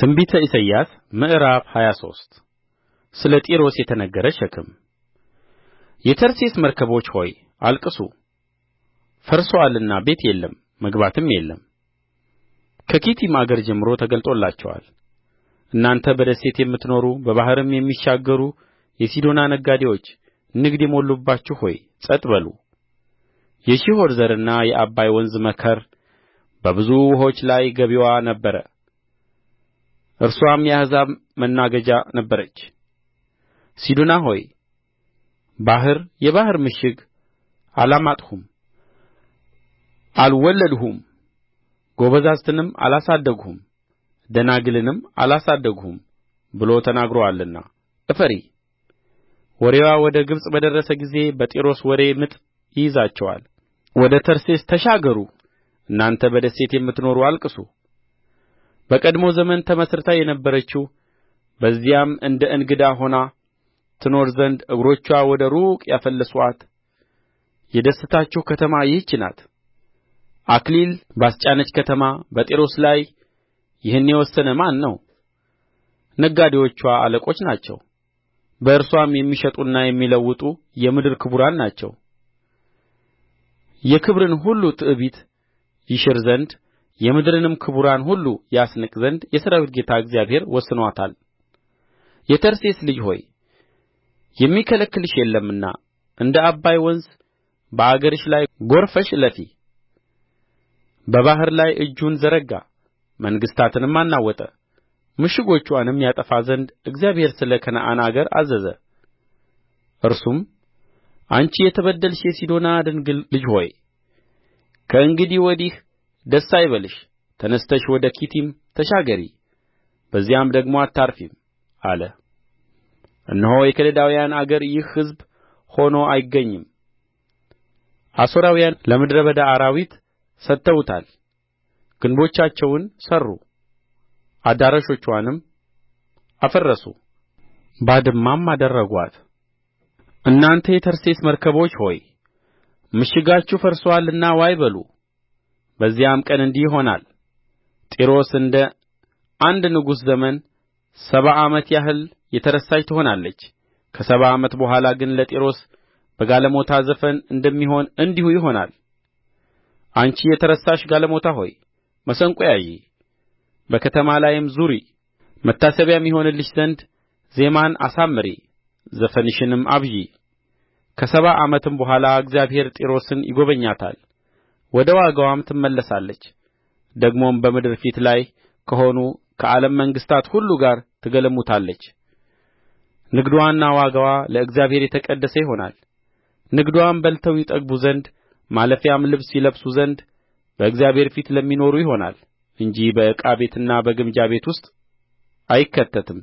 ትንቢተ ኢሳይያስ ምዕራፍ ሃያ ሶስት ስለ ጢሮስ የተነገረ ሸክም የተርሴስ መርከቦች ሆይ አልቅሱ ፈርሶአልና ቤት የለም መግባትም የለም ከኪቲም አገር ጀምሮ ተገልጦላቸዋል እናንተ በደሴት የምትኖሩ በባሕርም የሚሻገሩ የሲዶና ነጋዴዎች ንግድ የሞሉባችሁ ሆይ ጸጥ በሉ የሺሖር ዘርና የዓባይ ወንዝ መከር በብዙ ውኆች ላይ ገቢዋ ነበረ እርስዋም የአሕዛብ መናገጃ ነበረች ሲዶና ሆይ ባሕር የባሕር ምሽግ አላማጥሁም አልወለድሁም ጐበዛዝትንም አላሳደግሁም ደናግልንም አላሳደግሁም ብሎ ተናግሮአልና እፈሪ ወሬዋ ወደ ግብጽ በደረሰ ጊዜ በጢሮስ ወሬ ምጥ ይይዛቸዋል ወደ ተርሴስ ተሻገሩ እናንተ በደሴት የምትኖሩ አልቅሱ በቀድሞ ዘመን ተመሥርታ የነበረችው በዚያም እንደ እንግዳ ሆና ትኖር ዘንድ እግሮችዋ ወደ ሩቅ ያፈለሱአት የደስታችሁ ከተማ ይህች ናት አክሊል ባስጫነች ከተማ በጢሮስ ላይ ይህን የወሰነ ማን ነው ነጋዴዎችዋ አለቆች ናቸው በእርስዋም የሚሸጡና የሚለውጡ የምድር ክቡራን ናቸው የክብርን ሁሉ ትዕቢት ይሽር ዘንድ የምድርንም ክቡራን ሁሉ ያስንቅ ዘንድ የሠራዊት ጌታ እግዚአብሔር ወስኖታል የተርሴስ ልጅ ሆይ የሚከለክልሽ የለምና እንደ ዓባይ ወንዝ በአገርሽ ላይ ጐርፈሽ እለፊ በባሕር ላይ እጁን ዘረጋ መንግሥታትንም አናወጠ ምሽጎችዋንም ያጠፋ ዘንድ እግዚአብሔር ስለ ከነዓን አገር አዘዘ እርሱም አንቺ የተበደልሽ የሲዶና ድንግል ልጅ ሆይ ከእንግዲህ ወዲህ ደስ አይበልሽ ተነሥተሽ ወደ ኪቲም ተሻገሪ በዚያም ደግሞ አታርፊም አለ እነሆ የከለዳውያን አገር ይህ ሕዝብ ሆኖ አይገኝም አሦራውያን ለምድረ በዳ አራዊት ሰጥተውታል ግንቦቻቸውን ሠሩ አዳራሾችዋንም አፈረሱ ባድማም አደረጓት እናንተ የተርሴስ መርከቦች ሆይ ምሽጋችሁ ፈርሶአልና ዋይ በሉ በዚያም ቀን እንዲህ ይሆናል ጢሮስ እንደ አንድ ንጉሥ ዘመን ሰባ ዓመት ያህል የተረሳች ትሆናለች ከሰባ ዓመት በኋላ ግን ለጢሮስ በጋለሞታ ዘፈን እንደሚሆን እንዲሁ ይሆናል አንቺ የተረሳሽ ጋለሞታ ሆይ መሰንቆ ያዢ በከተማ ላይም ዙሪ መታሰቢያም ይሆንልሽ ዘንድ ዜማን አሳምሪ ዘፈንሽንም አብዢ ከሰባ ዓመትም በኋላ እግዚአብሔር ጢሮስን ይጐበኛታል ወደ ዋጋዋም ትመለሳለች ደግሞም በምድር ፊት ላይ ከሆኑ ከዓለም መንግሥታት ሁሉ ጋር ትገለሙታለች ንግድዋና ዋጋዋ ለእግዚአብሔር የተቀደሰ ይሆናል ንግድዋም በልተው ይጠግቡ ዘንድ ማለፊያም ልብስ ይለብሱ ዘንድ በእግዚአብሔር ፊት ለሚኖሩ ይሆናል እንጂ በዕቃ ቤትና በግምጃ ቤት ውስጥ አይከተትም